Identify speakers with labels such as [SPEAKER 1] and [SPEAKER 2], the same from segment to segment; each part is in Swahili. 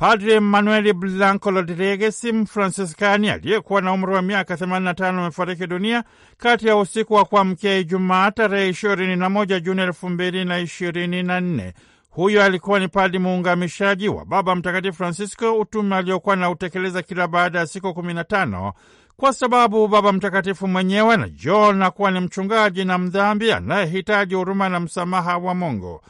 [SPEAKER 1] Padri Manueli Blanco Rodriguez, mfransiskani aliyekuwa na umri wa miaka 85, amefariki dunia kati ya usiku wa kuamkia Ijumaa tarehe 21 Juni 2024. Huyo alikuwa ni padi muungamishaji wa Baba Mtakatifu Francisco, utume aliokuwa na utekeleza kila baada ya siku 15, kwa sababu Baba Mtakatifu mwenyewe John kuwa ni mchungaji na mdhambi anayehitaji huruma na msamaha wa Mungu.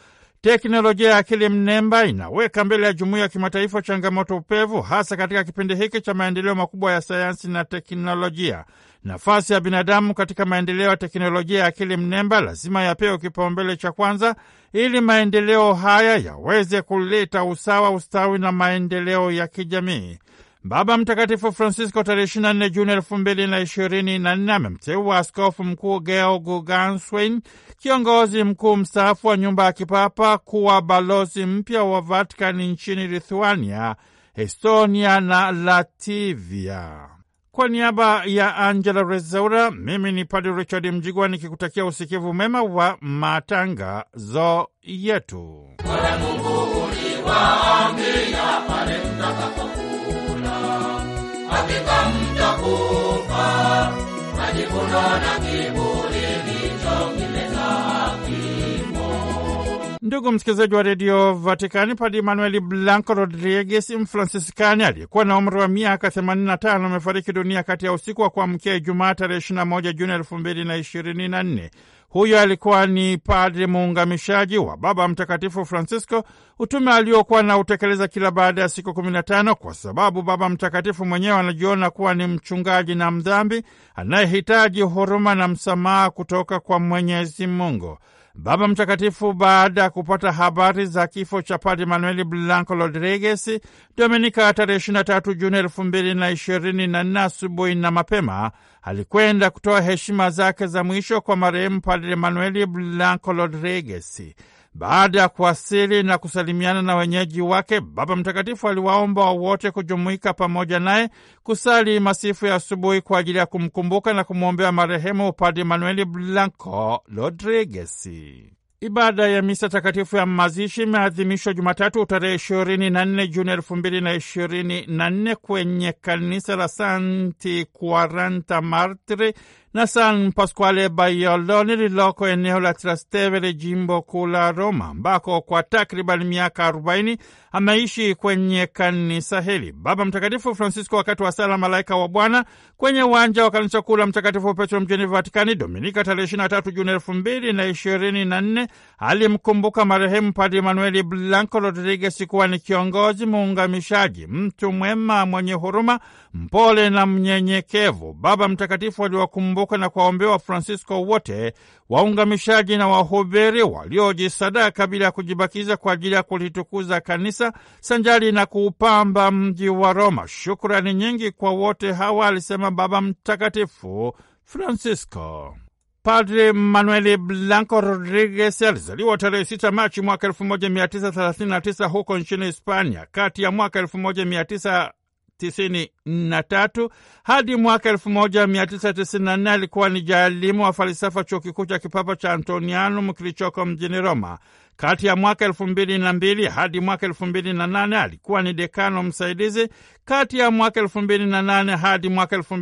[SPEAKER 1] Teknolojia ya akili mnemba inaweka mbele ya jumuiya ya kimataifa changamoto upevu, hasa katika kipindi hiki cha maendeleo makubwa ya sayansi na teknolojia. Nafasi ya binadamu katika maendeleo ya teknolojia ya akili mnemba lazima yapewe kipaumbele cha kwanza, ili maendeleo haya yaweze kuleta usawa, ustawi na maendeleo ya kijamii. Baba Mtakatifu Francisco tarehe 24 Juni 2024 amemteua askofu mkuu Georg Ganswein, kiongozi mkuu mstaafu wa nyumba ya kipapa, kuwa balozi mpya wa Vatikani nchini Lithuania, Estonia na Lativia. Kwa niaba ya Angela Rezaura, mimi ni Padre Richard Mjigwa nikikutakia usikivu mema wa matangazo yetu. Ndugu msikilizaji wa redio Vatikani, Padi Manuel Blanco Rodriguez, mfransiskani aliyekuwa na umri wa miaka 85 amefariki dunia kati ya usiku wa kuamkia Ijumaa tarehe 21 Juni 2024. Huyo alikuwa ni padri muungamishaji wa Baba Mtakatifu Francisco, utume aliokuwa na utekeleza kila baada ya siku 15, kwa sababu Baba Mtakatifu mwenyewe anajiona kuwa ni mchungaji na mdhambi anayehitaji huruma na msamaha kutoka kwa Mwenyezi Mungu. Baba Mtakatifu, baada ya kupata habari za kifo cha Padre Manuel Blanco Rodriguez Dominika tarehe 23 Juni 2024 asubuhi na mapema, alikwenda kutoa heshima zake za mwisho kwa marehemu Padre Manuel Blanco Rodriguez. Baada ya kuwasili na kusalimiana na wenyeji wake, Baba Mtakatifu aliwaomba wote kujumuika pamoja naye kusali masifu ya asubuhi kwa ajili ya kumkumbuka na kumwombea marehemu Padre Emanueli Blanco Rodriguez. Ibada ya misa takatifu ya mazishi imeadhimishwa Jumatatu tarehe ishirini na nne Juni elfu mbili na ishirini na nne kwenye kanisa la Santi Quaranta Martiri na San Pasquale Bayolo lililoko eneo la Trastevere, jimbo kuu la Roma, ambako kwa takriban miaka 40 ameishi kwenye kanisa hili. Baba Mtakatifu Francisco, wakati wa sala Malaika wa Bwana kwenye uwanja wa kanisa kuu la Mtakatifu Petro mjini Vatikani, Dominika tarehe 23 Juni 2024, alimkumbuka marehemu Padre Manueli Blanco Rodriguez kuwa ni kiongozi muungamishaji, mtu mwema, mwenye huruma, mpole na mnyenyekevu. Baba Mtakatifu aliwakumbuka kumbukwa na kuwaombewa Francisco wote waungamishaji na wahubiri waliojisadaka bila ya kujibakiza kwa ajili ya kulitukuza kanisa sanjari na kuupamba mji wa Roma. Shukrani nyingi kwa wote hawa, alisema Baba Mtakatifu Francisco. Padri manuel Blanco Rodriguez alizaliwa tarehe 6 Machi mwaka 1939 huko nchini Hispania. Kati ya mwaka 19 tisini hadi mwaka 1994 alikuwa ni jaalimu wa falsafa chuo kikuu cha kipapa cha Antonianum kilichoko mjini Roma. Kati ya mwaka elfu mbili hadi mwaka elfu mbili na nane alikuwa ni dekano msaidizi. Kati ya mwaka elfu hadi mwaka elfu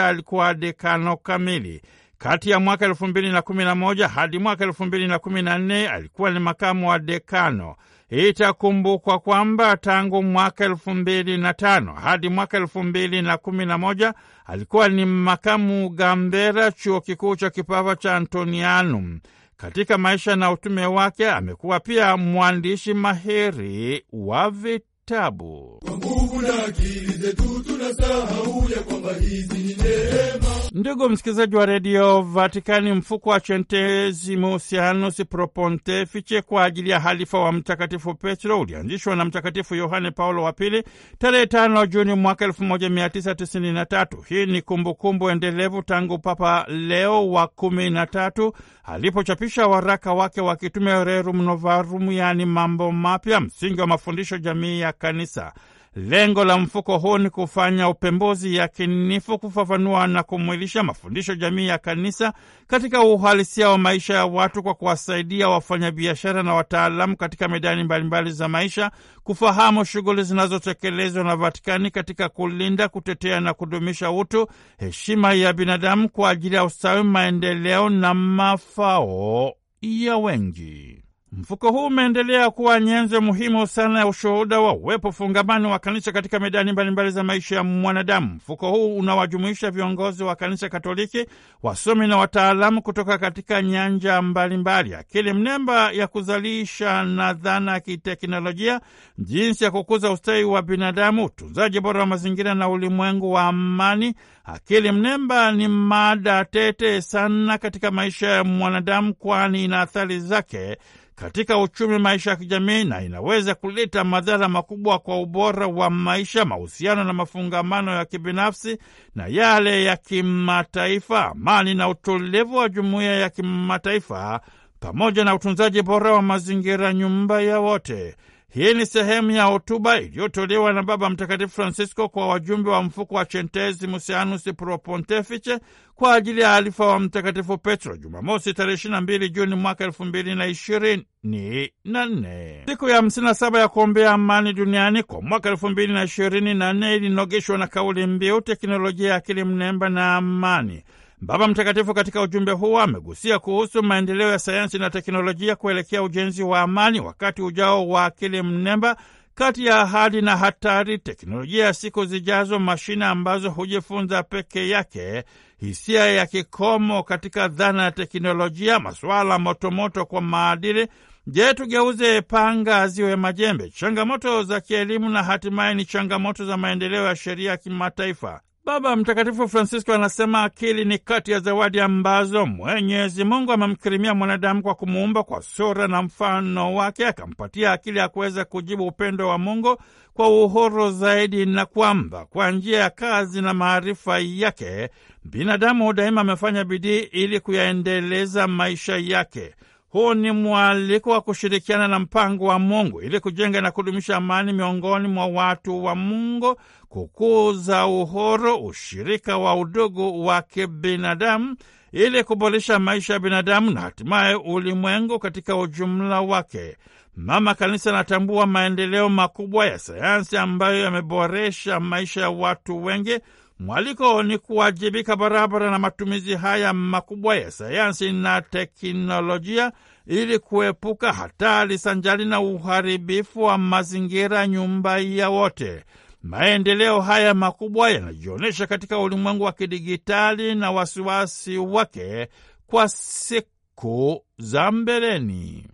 [SPEAKER 1] alikuwa dekano kamili. Kati ya mwaka elfu mbili na kumi na moja hadi mwaka elfu mbili na kumi na nne alikuwa ni makamu wa dekano. Itakumbukwa kwamba tangu mwaka elfu mbili na tano hadi mwaka elfu mbili na kumi na moja alikuwa ni makamu gambera chuo kikuu cha kipapa cha Antonianum. Katika maisha na utume wake amekuwa pia mwandishi mahiri wa vitu tabu.
[SPEAKER 2] Kwa nguvu na akili zetu tunasahau ya kwamba hizi ni neema.
[SPEAKER 1] Ndugu msikilizaji wa redio Vatikani, mfuko wa Centesimusianus Propontefice kwa ajili ya halifa wa Mtakatifu Petro ulianzishwa na Mtakatifu Yohane Paulo wa Pili tarehe tano Juni mwaka 1993. Hii ni kumbukumbu kumbu endelevu tangu Papa Leo wa kumi na tatu alipochapisha waraka wake wa kitume Rerum Novarum, yaani mambo mapya, msingi wa mafundisho jamii ya Kanisa. Lengo la mfuko huu ni kufanya upembuzi yakinifu, kufafanua na kumwilisha mafundisho jamii ya kanisa katika uhalisia wa maisha ya watu kwa kuwasaidia wafanyabiashara na wataalamu katika medani mbalimbali za maisha kufahamu shughuli zinazotekelezwa na Vatikani katika kulinda, kutetea na kudumisha utu, heshima ya binadamu kwa ajili ya ustawi, maendeleo na mafao ya wengi. Mfuko huu umeendelea kuwa nyenzo muhimu sana ya ushuhuda wa uwepo fungamani wa kanisa katika medani mbalimbali za maisha ya mwanadamu. Mfuko huu unawajumuisha viongozi wa kanisa Katoliki, wasomi na wataalamu kutoka katika nyanja mbalimbali, akili mnemba ya kuzalisha na dhana ya kiteknolojia, jinsi ya kukuza ustawi wa binadamu, utunzaji bora wa mazingira na ulimwengu wa amani. Akili mnemba ni mada tete sana katika maisha ya mwanadamu, kwani ina athari zake katika uchumi, maisha ya kijamii, na inaweza kuleta madhara makubwa kwa ubora wa maisha, mahusiano na mafungamano ya kibinafsi na yale ya kimataifa, amani na utulivu wa jumuiya ya kimataifa, pamoja na utunzaji bora wa mazingira, nyumba ya wote. Hii ni sehemu ya hotuba iliyotolewa na Baba Mtakatifu Francisco kwa wajumbe wa mfuko wa Chentesi Musianus Propontefice kwa ajili ya alifa wa Mtakatifu Petro, Jumamosi tarehe 22 Juni mwaka 2024. Siku ya 57 ya kuombea amani duniani kwa mwaka 224 ilinogeshwa na kauli mbiu teknolojia ya akili mnemba na amani. Baba Mtakatifu katika ujumbe huu amegusia kuhusu maendeleo ya sayansi na teknolojia kuelekea ujenzi wa amani, wakati ujao wa akili mnemba kati ya ahadi na hatari, teknolojia ya siku zijazo, mashine ambazo hujifunza peke yake, hisia ya kikomo katika dhana ya teknolojia, masuala motomoto kwa maadili. Je, tugeuze panga ziwe majembe? Changamoto za kielimu na hatimaye ni changamoto za maendeleo ya sheria ya kimataifa. Baba Mtakatifu Francisco anasema akili ni kati ya zawadi ambazo Mwenyezi Mungu amemkirimia mwanadamu kwa kumuumba kwa sura na mfano wake, akampatia akili ya kuweza kujibu upendo wa Mungu kwa uhuru zaidi, na kwamba kwa njia ya kazi na maarifa yake binadamu daima amefanya bidii ili kuyaendeleza maisha yake. Huu ni mwaliko wa kushirikiana na mpango wa Mungu ili kujenga na kudumisha amani miongoni mwa watu wa Mungu, kukuza uhuru, ushirika wa udugu wa kibinadamu ili kuboresha maisha ya binadamu na hatimaye ulimwengu katika ujumla wake. Mama Kanisa anatambua maendeleo makubwa ya sayansi ambayo yameboresha maisha ya watu wengi Mwaliko ni kuwajibika barabara na matumizi haya makubwa ya sayansi na teknolojia ili kuepuka hatari sanjari na uharibifu wa mazingira, nyumba ya wote. Maendeleo haya makubwa yanajionyesha katika ulimwengu wa kidigitali na wasiwasi wake kwa siku za mbeleni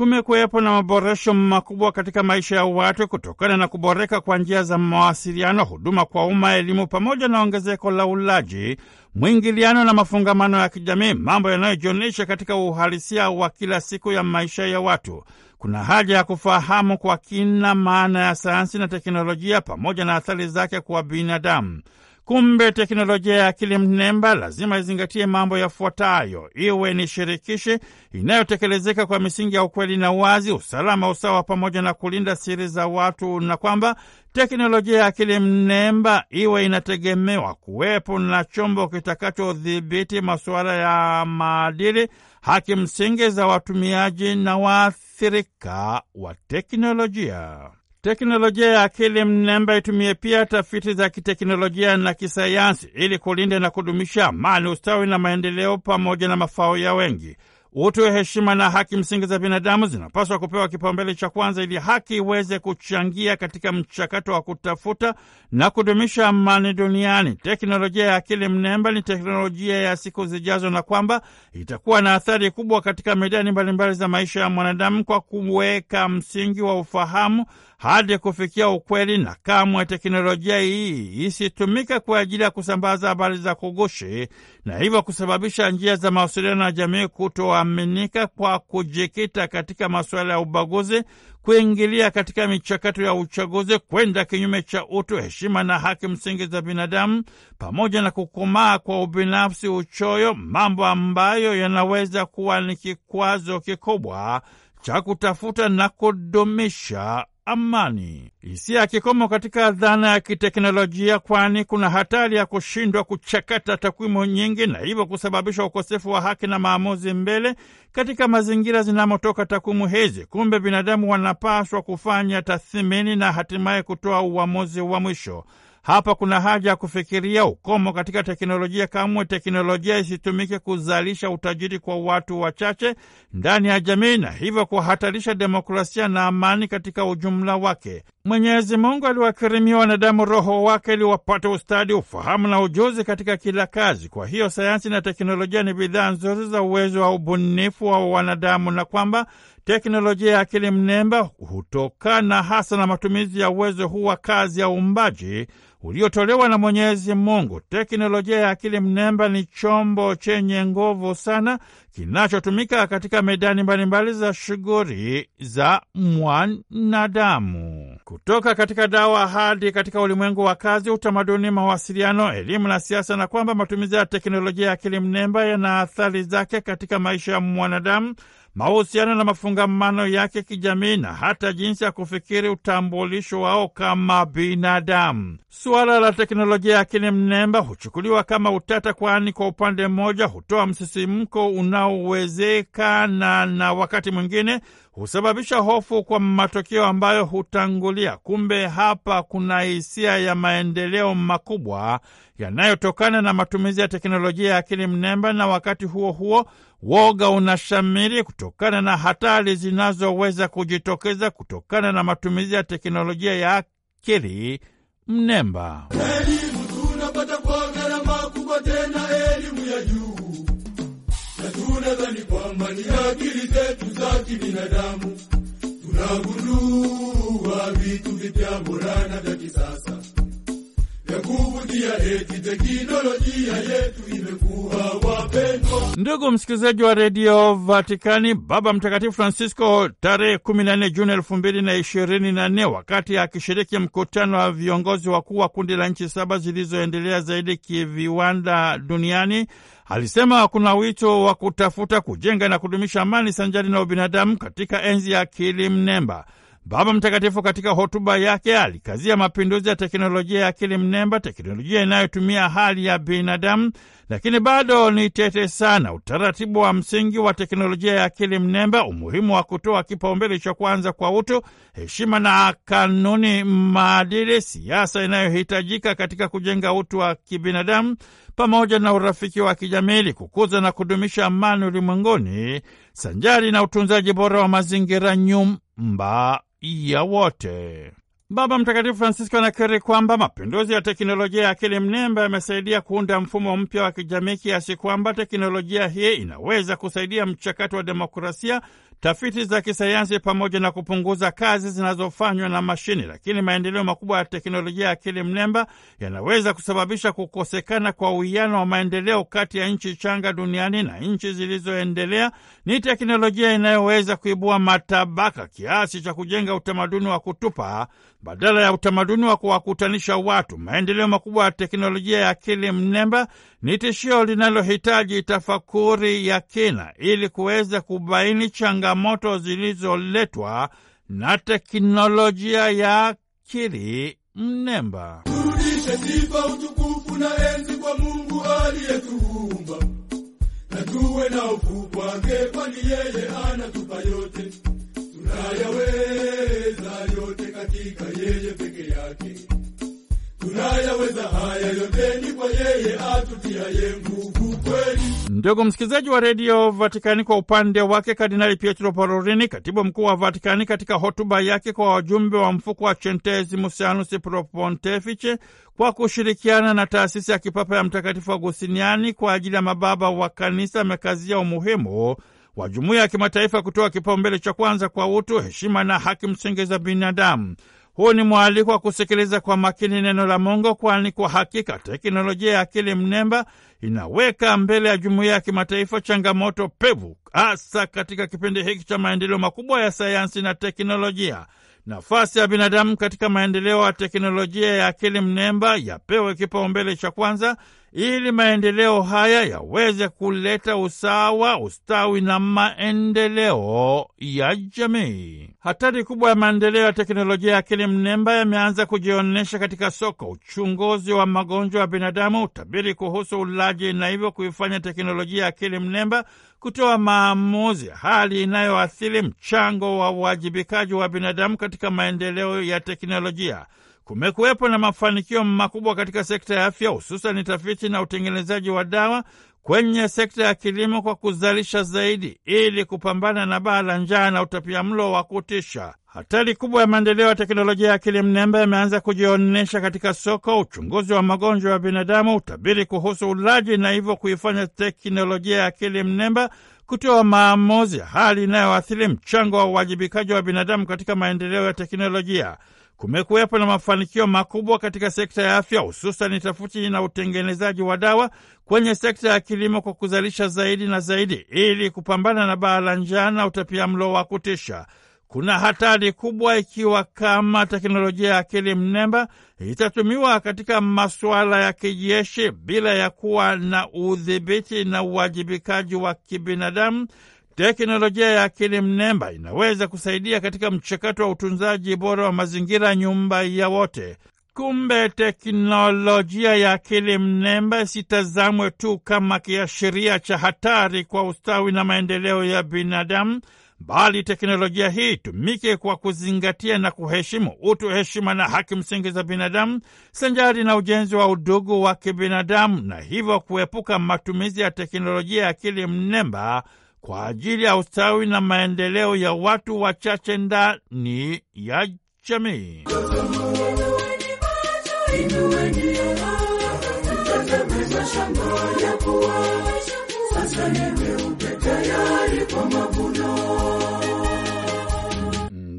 [SPEAKER 1] kumekuwepo na maboresho makubwa katika maisha ya watu kutokana na kuboreka kwa njia za mawasiliano, huduma kwa umma, elimu, pamoja na ongezeko la ulaji, mwingiliano na mafungamano ya kijamii, mambo yanayojionyesha katika uhalisia wa kila siku ya maisha ya watu. Kuna haja ya kufahamu kwa kina maana ya sayansi na teknolojia pamoja na athari zake kwa binadamu. Kumbe teknolojia ya akili mnemba lazima izingatie mambo yafuatayo: iwe ni shirikishi inayotekelezeka kwa misingi ya ukweli na uwazi, usalama, usawa, pamoja na kulinda siri za watu, na kwamba teknolojia ya akili mnemba iwe inategemewa kuwepo na chombo kitakachodhibiti masuala ya maadili, haki msingi za watumiaji na waathirika wa teknolojia teknolojia ya akili mnemba itumie pia tafiti za kiteknolojia na kisayansi ili kulinda na kudumisha amani, ustawi na maendeleo pamoja na mafao ya wengi. Utu, heshima na haki msingi za binadamu zinapaswa kupewa kipaumbele cha kwanza ili haki iweze kuchangia katika mchakato wa kutafuta na kudumisha amani duniani. Teknolojia ya akili mnemba ni teknolojia ya siku zijazo, na kwamba itakuwa na athari kubwa katika medani mbalimbali za maisha ya mwanadamu kwa kuweka msingi wa ufahamu hadi kufikia ukweli, na kamwe teknolojia hii isitumike kwa ajili ya kusambaza habari za kugushi na hivyo kusababisha njia za mawasiliano ya jamii kutoaminika kwa kujikita katika masuala ya ubaguzi, kuingilia katika michakato ya uchaguzi, kwenda kinyume cha utu, heshima na haki msingi za binadamu, pamoja na kukomaa kwa ubinafsi, uchoyo, mambo ambayo yanaweza kuwa ni kikwazo kikubwa cha kutafuta na kudumisha amani. Hisia ya kikomo katika dhana ya kiteknolojia, kwani kuna hatari ya kushindwa kuchakata takwimu nyingi na hivyo kusababisha ukosefu wa haki na maamuzi mbele katika mazingira zinamotoka takwimu hizi. Kumbe binadamu wanapaswa kufanya tathmini na hatimaye kutoa uamuzi wa mwisho. Hapa kuna haja ya kufikiria ukomo katika teknolojia. Kamwe teknolojia isitumike kuzalisha utajiri kwa watu wachache ndani ya jamii, na hivyo kuhatarisha demokrasia na amani katika ujumla wake. Mwenyezi Mungu aliwakirimia wanadamu Roho wake ili wapate ustadi, ufahamu na ujuzi katika kila kazi. Kwa hiyo sayansi na teknolojia ni bidhaa nzuri za uwezo wa ubunifu wa wanadamu na kwamba Teknolojia ya akili mnemba hutokana hasa na matumizi ya uwezo huu wa kazi ya uumbaji uliotolewa na Mwenyezi Mungu. Teknolojia ya akili mnemba ni chombo chenye nguvu sana kinachotumika katika medani mbalimbali za shughuli za mwanadamu, kutoka katika dawa hadi katika ulimwengu wa kazi, utamaduni, mawasiliano, elimu na siasa, na kwamba matumizi ya teknolojia ya akili mnemba yana athari zake katika maisha ya mwanadamu mahusiano na mafungamano yake kijamii na hata jinsi ya kufikiri utambulisho wao kama binadamu. Suala la teknolojia ya akili mnemba huchukuliwa kama utata, kwani kwa upande mmoja hutoa msisimko unaowezekana na wakati mwingine husababisha hofu kwa matokeo ambayo hutangulia. Kumbe hapa kuna hisia ya maendeleo makubwa yanayotokana na matumizi ya teknolojia ya akili mnemba, na wakati huo huo Woga unashamiri kutokana na hatari zinazoweza kujitokeza kutokana na matumizi ya teknolojia ya akili mnemba.
[SPEAKER 2] Elimu tunapata kwa gharama kubwa, tena elimu ya juu, na tunadhani kwamba ni akili zetu za kibinadamu. Tunagundua vitu vipya bora na vya kisasa kuvutia eti teknolojia yetu imekuwa wapendwa.
[SPEAKER 1] Ndugu msikilizaji wa redio Vatikani, Baba Mtakatifu Francisco tarehe 14 Juni 224 wakati akishiriki mkutano wa viongozi wakuu wa kundi la nchi saba zilizoendelea zaidi kiviwanda duniani alisema kuna wito wa kutafuta kujenga na kudumisha amani sanjari na ubinadamu katika enzi ya kilimnemba mnemba. Baba Mtakatifu katika hotuba yake alikazia mapinduzi ya teknolojia ya akili mnemba, teknolojia inayotumia hali ya binadamu, lakini bado ni tete sana, utaratibu wa msingi wa teknolojia ya akili mnemba, umuhimu wa kutoa kipaumbele cha kwanza kwa utu, heshima na kanuni maadili, siasa inayohitajika katika kujenga utu wa kibinadamu pamoja na urafiki wa kijamii ili kukuza na kudumisha amani ulimwenguni, sanjari na utunzaji bora wa mazingira nyumba ya wote. Baba Mtakatifu Francisco anakiri kwamba mapinduzi ya teknolojia ya akili mnemba yamesaidia kuunda mfumo mpya wa kijamii kiasi kwamba teknolojia hii inaweza kusaidia mchakato wa demokrasia tafiti za kisayansi pamoja na kupunguza kazi zinazofanywa na mashine. Lakini maendeleo makubwa ya teknolojia ya akili mnemba yanaweza kusababisha kukosekana kwa uwiano wa maendeleo kati ya nchi changa duniani na nchi zilizoendelea. Ni teknolojia inayoweza kuibua matabaka kiasi cha kujenga utamaduni wa kutupa badala ya utamaduni wa kuwakutanisha watu. Maendeleo makubwa ya teknolojia ya akili mnemba ni tishio linalohitaji tafakuri ya kina ili kuweza kubaini changa changamoto zilizoletwa na teknolojia ya akili mnemba.
[SPEAKER 2] Turudishe sifa, utukufu na enzi kwa Mungu
[SPEAKER 1] Ndugu msikilizaji wa redio Vatikani, kwa upande wake Kardinali Pietro parorini katibu mkuu wa Vatikani, katika hotuba yake kwa wajumbe wa mfuko wa Centesimus Annus Pro Pontifice kwa kushirikiana na taasisi ya kipapa ya Mtakatifu Agustiniani kwa ajili ya mababa wa Kanisa, amekazia umuhimu wa jumuiya ya kimataifa kutoa kipaumbele cha kwanza kwa utu, heshima na haki msingi za binadamu. Huu ni mwaliko wa kusikiliza kwa makini neno la Mungu, kwani kwa hakika teknolojia ya akili mnemba inaweka mbele ya jumuiya ya kimataifa changamoto pevu, hasa katika kipindi hiki cha maendeleo makubwa ya sayansi na teknolojia nafasi ya binadamu katika maendeleo ya teknolojia ya akili mnemba yapewe kipaumbele cha kwanza ili maendeleo haya yaweze kuleta usawa, ustawi na maendeleo ya jamii. Hatari kubwa ya maendeleo ya teknolojia ya akili mnemba yameanza kujionyesha katika soko, uchunguzi wa magonjwa ya binadamu, utabiri kuhusu ulaji na hivyo kuifanya teknolojia ya akili mnemba kutoa maamuzi, hali inayoathiri mchango wa uwajibikaji wa binadamu katika maendeleo ya teknolojia. Kumekuwepo na mafanikio makubwa katika sekta ya afya, hususan tafiti na utengenezaji wa dawa kwenye sekta ya kilimo kwa kuzalisha zaidi ili kupambana na baa la njaa na utapiamlo wa kutisha. Hatari kubwa ya maendeleo ya teknolojia ya akili mnemba imeanza kujionyesha katika soko, uchunguzi wa magonjwa ya binadamu, utabiri kuhusu ulaji, na hivyo kuifanya teknolojia ya akili mnemba kutoa maamuzi, hali inayoathiri mchango wa uwajibikaji wa binadamu katika maendeleo ya teknolojia. Kumekuwepo na mafanikio makubwa katika sekta ya afya, hususani tafuti na utengenezaji wa dawa kwenye sekta ya kilimo kwa kuzalisha zaidi na zaidi ili kupambana na baa la njaa na utapia mlo wa kutisha. Kuna hatari kubwa ikiwa kama teknolojia ya akili mnemba itatumiwa katika masuala ya kijeshi bila ya kuwa na udhibiti na uwajibikaji wa kibinadamu Teknolojia ya akili mnemba inaweza kusaidia katika mchakato wa utunzaji bora wa mazingira, nyumba ya wote. Kumbe teknolojia ya akili mnemba isitazamwe tu kama kiashiria cha hatari kwa ustawi na maendeleo ya binadamu, bali teknolojia hii itumike kwa kuzingatia na kuheshimu utu, heshima na haki msingi za binadamu, sanjari na ujenzi wa udugu wa kibinadamu, na hivyo kuepuka matumizi ya teknolojia ya akili mnemba kwa ajili ya ustawi na maendeleo ya watu wachache ndani ya jamii.
[SPEAKER 2] Sasa nimeupe tayari kwa mavuno.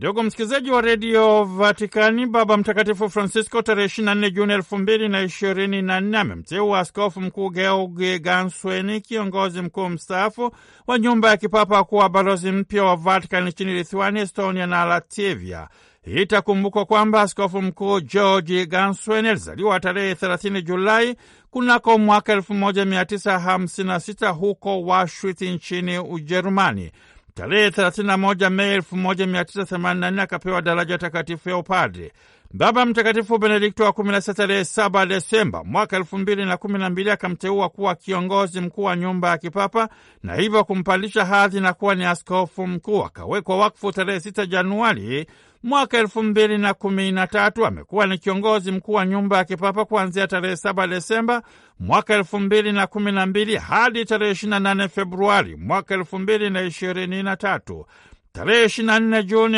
[SPEAKER 1] Ndugu msikilizaji wa redio Vatikani, Baba Mtakatifu Francisco tarehe 24 Juni amemteu amemteua askofu mkuu geogi Gansweni, kiongozi mkuu mstaafu wa nyumba ya kipapa, kuwa balozi mpya wa Vatikani nchini Lithuania, Estonia na Latvia. Itakumbukwa kwamba askofu mkuu George ganswen alizaliwa tarehe 30 Julai kunako mwaka 1956 huko Washwiti nchini Ujerumani. Tarehe 31 Mei 1984 akapewa daraja takatifu ya upadre. Baba Mtakatifu Benedikto wa 16 tarehe 7 Desemba mwaka 2012 akamteua kuwa kiongozi mkuu wa nyumba ya kipapa na hivyo kumpandisha hadhi na kuwa ni askofu mkuu. Akawekwa wakfu tarehe 6 Januari Mwaka elfu mbili na kumi na tatu amekuwa ni kiongozi mkuu wa nyumba ya kipapa kuanzia tarehe saba Desemba mwaka elfu mbili na kumi na mbili hadi tarehe ishirini na nane Februari mwaka elfu mbili na ishirini na tatu. Tarehe nne Juni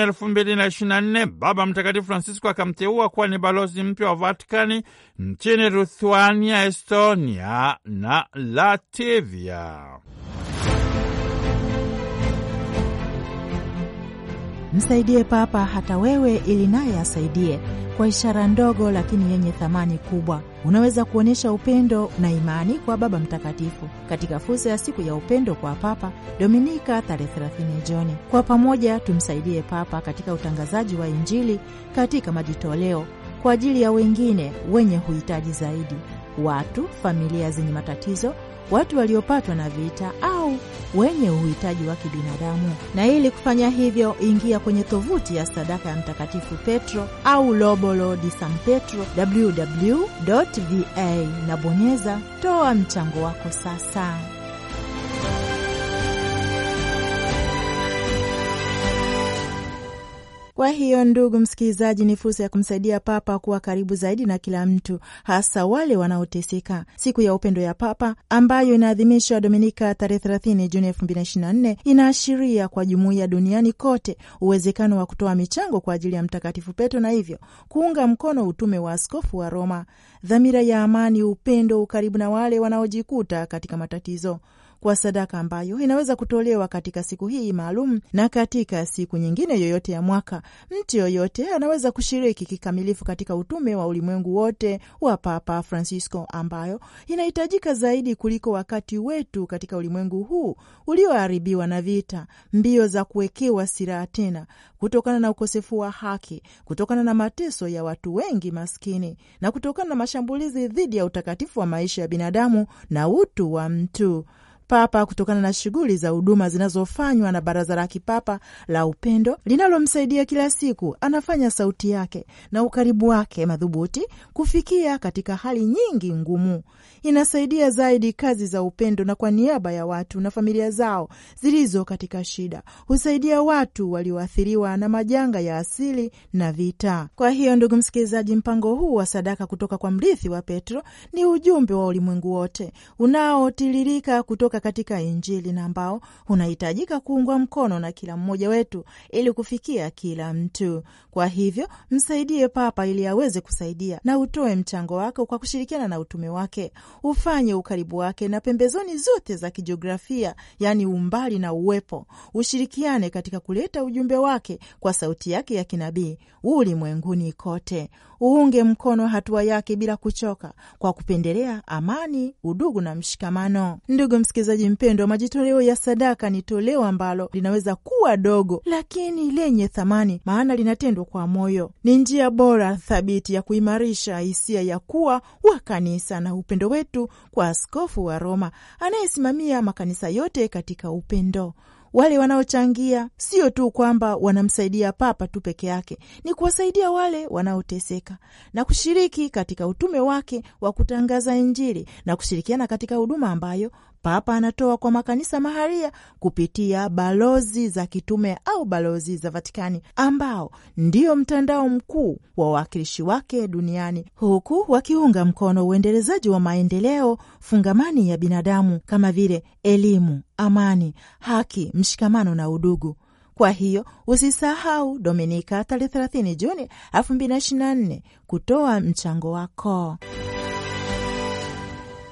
[SPEAKER 1] nne Baba Mtakatifu Francisco akamteua kuwa ni balozi mpya wa Vatikani nchini Lithuania, Estonia na Lativia.
[SPEAKER 3] Msaidie Papa hata wewe, ili naye asaidie. Kwa ishara ndogo lakini yenye thamani kubwa, unaweza kuonyesha upendo na imani kwa Baba Mtakatifu katika fursa ya siku ya upendo kwa Papa, Dominika tarehe 30 Juni. Kwa pamoja tumsaidie Papa katika utangazaji wa Injili, katika majitoleo kwa ajili ya wengine wenye uhitaji zaidi, watu, familia zenye matatizo watu waliopatwa na vita au wenye uhitaji wa kibinadamu. Na ili kufanya hivyo, ingia kwenye tovuti ya sadaka ya Mtakatifu Petro au Lobolo di San Petro www.va na bonyeza toa mchango wako sasa. Kwa hiyo ndugu msikilizaji, ni fursa ya kumsaidia Papa kuwa karibu zaidi na kila mtu, hasa wale wanaoteseka. Siku ya upendo ya Papa ambayo inaadhimishwa Dominika tarehe 30 Juni 2024 inaashiria kwa jumuiya duniani kote uwezekano wa kutoa michango kwa ajili ya Mtakatifu Petro na hivyo kuunga mkono utume wa askofu wa Roma, dhamira ya amani, upendo, ukaribu na wale wanaojikuta katika matatizo kwa sadaka ambayo inaweza kutolewa katika siku hii maalum na katika siku nyingine yoyote ya mwaka. Mtu yoyote anaweza kushiriki kikamilifu katika utume wa ulimwengu wote wa Papa Francisco, ambayo inahitajika zaidi kuliko wakati wetu katika ulimwengu huu ulioharibiwa na vita, mbio za kuwekewa silaha tena, kutokana na ukosefu wa haki, kutokana na mateso ya watu wengi maskini na kutokana na mashambulizi dhidi ya utakatifu wa maisha ya binadamu na utu wa mtu papa kutokana na shughuli za huduma zinazofanywa na Baraza la Kipapa la Upendo linalomsaidia kila siku. Anafanya sauti yake na ukaribu wake madhubuti kufikia katika hali nyingi ngumu. Inasaidia zaidi kazi za upendo na kwa niaba ya watu na familia zao zilizo katika shida, husaidia watu walioathiriwa na majanga ya asili na vita. Kwa hiyo, ndugu msikilizaji, mpango huu wa sadaka kutoka kwa mrithi wa Petro ni ujumbe wa ulimwengu wote unaotiririka kutoka katika Injili na ambao unahitajika kuungwa mkono na kila mmoja wetu ili kufikia kila mtu. Kwa hivyo msaidie Papa ili aweze kusaidia, na utoe mchango wake kwa kushirikiana na utume wake, ufanye ukaribu wake na pembezoni zote za kijiografia, yaani umbali na uwepo, ushirikiane katika kuleta ujumbe wake kwa sauti yake ya kinabii ulimwenguni kote. Uunge mkono hatua yake bila kuchoka, kwa kupendelea amani, udugu na mshikamano. Ndugu msikilizaji Msikilizaji mpendwa, majitoleo ya sadaka ni toleo ambalo linaweza kuwa dogo, lakini lenye thamani, maana linatendwa kwa moyo. Ni njia bora thabiti ya kuimarisha hisia ya kuwa wa kanisa na upendo wetu kwa askofu wa Roma anayesimamia makanisa yote katika upendo. Wale wanaochangia sio tu kwamba wanamsaidia Papa tu peke yake, ni kuwasaidia wale wanaoteseka na kushiriki katika utume wake wa kutangaza Injili na kushirikiana katika huduma ambayo Papa anatoa kwa makanisa maharia kupitia balozi za kitume au balozi za Vatikani ambao ndio mtandao mkuu wa wawakilishi wake duniani, huku wakiunga mkono uendelezaji wa maendeleo fungamani ya binadamu kama vile elimu, amani, haki, mshikamano na udugu. Kwa hiyo usisahau Dominika tarehe 30 Juni 2024 kutoa mchango wako.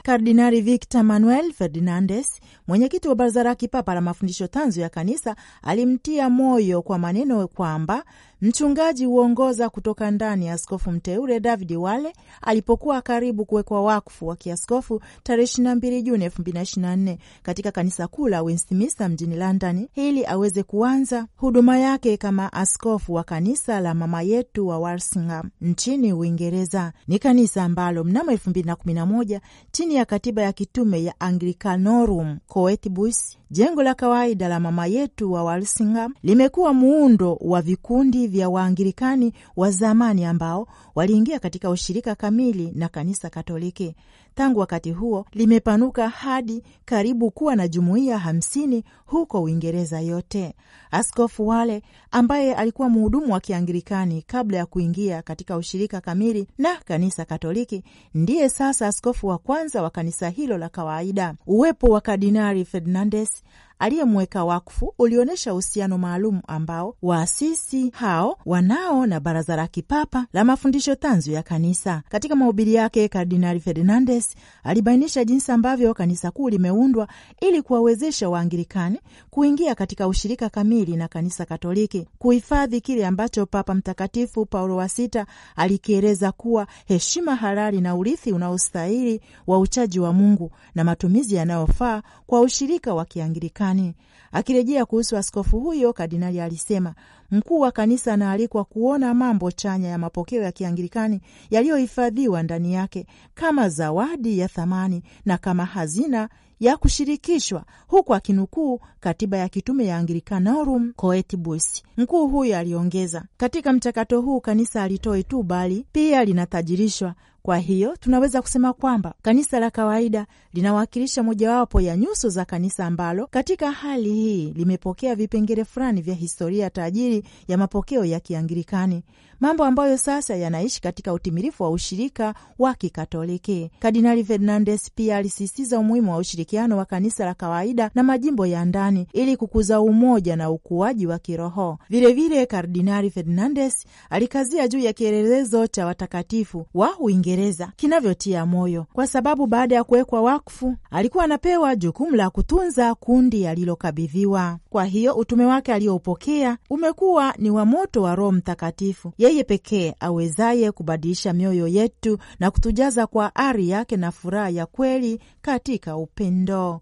[SPEAKER 3] Kardinali Victor Manuel Ferdinandes, mwenyekiti wa Baraza la Kipapa la Mafundisho Tanzu ya Kanisa, alimtia moyo kwa maneno kwamba Mchungaji huongoza kutoka ndani ya askofu mteule David Wale alipokuwa karibu kuwekwa wakfu wa kiaskofu tarehe 22 Juni 2024 katika kanisa kuu la Westminster mjini London ili aweze kuanza huduma yake kama askofu wa kanisa la Mama Yetu wa Walsingham nchini Uingereza. Ni kanisa ambalo mnamo 2011 chini ya katiba ya kitume ya Anglicanorum Coetibus Jengo la kawaida la mama yetu wa Walsingham limekuwa muundo wa vikundi vya Waangirikani wa zamani ambao waliingia katika ushirika kamili na Kanisa Katoliki. Tangu wakati huo limepanuka hadi karibu kuwa na jumuiya hamsini huko Uingereza yote. Askofu Wale ambaye alikuwa mhudumu wa Kianglikani kabla ya kuingia katika ushirika kamili na Kanisa Katoliki ndiye sasa askofu wa kwanza wa kanisa hilo la kawaida. Uwepo wa Kardinali Fernandes aliyemweka wakfu ulionyesha uhusiano maalum ambao waasisi hao wanao na Baraza la Kipapa la Mafundisho Tanzu ya Kanisa. Katika mahubiri yake, Kardinali Fernandes alibainisha jinsi ambavyo kanisa kuu limeundwa ili kuwawezesha Waanglikani kuingia katika ushirika kamili na Kanisa Katoliki, kuhifadhi kile ambacho Papa Mtakatifu Paulo wa Sita alikieleza kuwa heshima halali na urithi unaostahili wa uchaji wa Mungu na matumizi yanayofaa kwa ushirika wa Kianglikani Vatikani. Akirejea kuhusu askofu huyo, kardinali alisema mkuu wa kanisa anaalikwa kuona mambo chanya ya mapokeo ya Kianglikani yaliyohifadhiwa ndani yake kama zawadi ya thamani na kama hazina ya kushirikishwa, huku akinukuu katiba ya kitume ya Anglicanorum Coetibus. Mkuu huyo aliongeza, katika mchakato huu kanisa halitoi tu, bali pia linatajirishwa kwa hiyo tunaweza kusema kwamba kanisa la kawaida linawakilisha mojawapo ya nyuso za kanisa ambalo katika hali hii limepokea vipengele fulani vya historia tajiri ya mapokeo ya Kiangirikani mambo ambayo sasa yanaishi katika utimilifu wa ushirika wa Kikatoliki. Kardinali Fernandes pia alisisitiza umuhimu wa ushirikiano wa kanisa la kawaida na majimbo ya ndani ili kukuza umoja na ukuaji wa kiroho. Vilevile, Kardinali Fernandes alikazia juu ya kielelezo cha watakatifu wa Uingereza kinavyotia moyo, kwa sababu baada ya kuwekwa wakfu alikuwa anapewa jukumu la kutunza kundi alilokabidhiwa. Kwa hiyo utume wake aliyoupokea umekuwa ni wa moto wa Roho Mtakatifu yeye pekee awezaye kubadilisha mioyo yetu na kutujaza kwa ari yake na furaha ya kweli katika upendo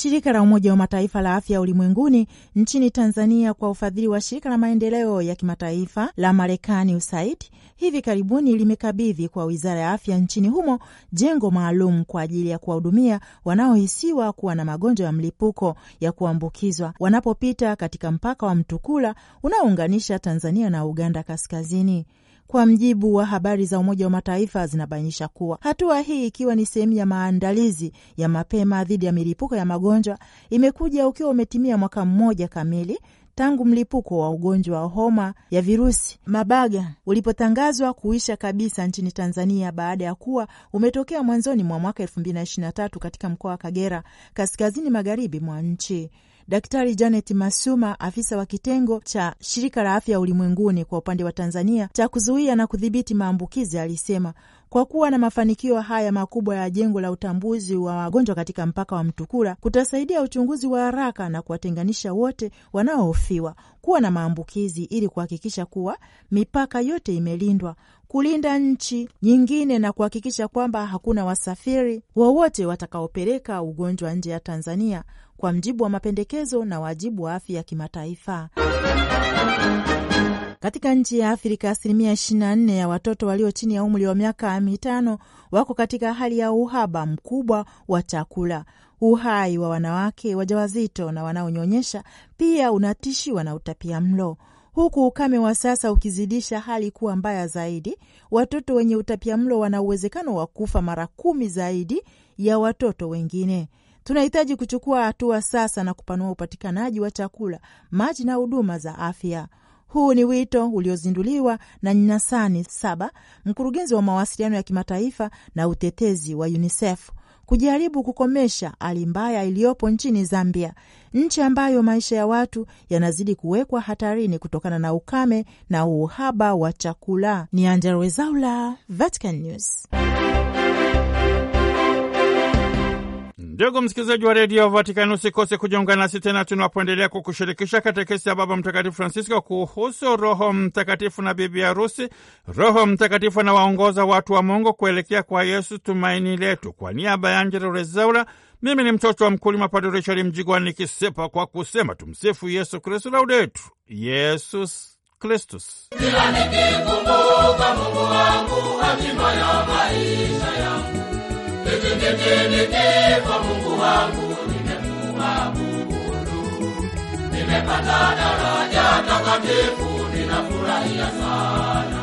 [SPEAKER 3] Shirika la Umoja wa Mataifa la Afya Ulimwenguni nchini Tanzania kwa ufadhili wa Shirika la Maendeleo ya Kimataifa la Marekani USAID hivi karibuni limekabidhi kwa Wizara ya Afya nchini humo jengo maalum kwa ajili ya kuwahudumia wanaohisiwa kuwa na magonjwa ya mlipuko ya kuambukizwa wanapopita katika mpaka wa Mtukula unaounganisha Tanzania na Uganda kaskazini. Kwa mjibu wa habari za Umoja wa Mataifa zinabainisha kuwa hatua hii ikiwa ni sehemu ya maandalizi ya mapema dhidi ya milipuko ya magonjwa imekuja ukiwa umetimia mwaka mmoja kamili tangu mlipuko wa ugonjwa wa homa ya virusi mabaga ulipotangazwa kuisha kabisa nchini Tanzania baada ya kuwa umetokea mwanzoni mwa mwaka 223 katika mkoa wa Kagera, kaskazini magharibi mwa nchi. Daktari Janet Masuma, afisa wa kitengo cha Shirika la Afya Ulimwenguni kwa upande wa Tanzania cha kuzuia na kudhibiti maambukizi, alisema kwa kuwa na mafanikio haya makubwa ya jengo la utambuzi wa wagonjwa katika mpaka wa Mtukula kutasaidia uchunguzi wa haraka na kuwatenganisha wote wanaohofiwa kuwa na maambukizi ili kuhakikisha kuwa mipaka yote imelindwa, kulinda nchi nyingine na kuhakikisha kwamba hakuna wasafiri wowote watakaopeleka ugonjwa nje ya Tanzania kwa mjibu wa mapendekezo na wajibu wa afya ya kimataifa. Katika nchi ya Afrika, asilimia 24 ya watoto walio chini ya umri wa miaka mitano wako katika hali ya uhaba mkubwa wa chakula. Uhai wa wanawake wajawazito na wanaonyonyesha pia unatishiwa na utapia mlo, huku ukame wa sasa ukizidisha hali kuwa mbaya zaidi. Watoto wenye utapia mlo wana uwezekano wa kufa mara kumi zaidi ya watoto wengine. Tunahitaji kuchukua hatua sasa na kupanua upatikanaji wa chakula, maji na huduma za afya. Huu ni wito uliozinduliwa na Nyasani Saba, mkurugenzi wa mawasiliano ya kimataifa na utetezi wa UNICEF kujaribu kukomesha hali mbaya iliyopo nchini Zambia, nchi ambayo maisha ya watu yanazidi kuwekwa hatarini kutokana na ukame na uhaba wa chakula. Ni Angella Rwezaula, Vatican News.
[SPEAKER 1] Ndugu msikilizaji wa redio Vatikani, usikose kujiunga nasi tena tunapoendelea kukushirikisha katekesi ya Baba Mtakatifu Francisco kuhusu Roho Mtakatifu na bibi harusi. Roho Mtakatifu anawaongoza watu wa Mungu kuelekea kwa Yesu, tumaini letu. Kwa niaba ya Angela Rezaura, mimi ni mtoto wa mkulima Padre Richard Mjigwa nikisepa kwa kusema tumsifu Yesu Kristu, laudetu Yesus Kristus.
[SPEAKER 2] Nimetetemeke kwa Mungu wangu, nimemwabudu. Nimepata daraja takatifu, ninafurahia sana.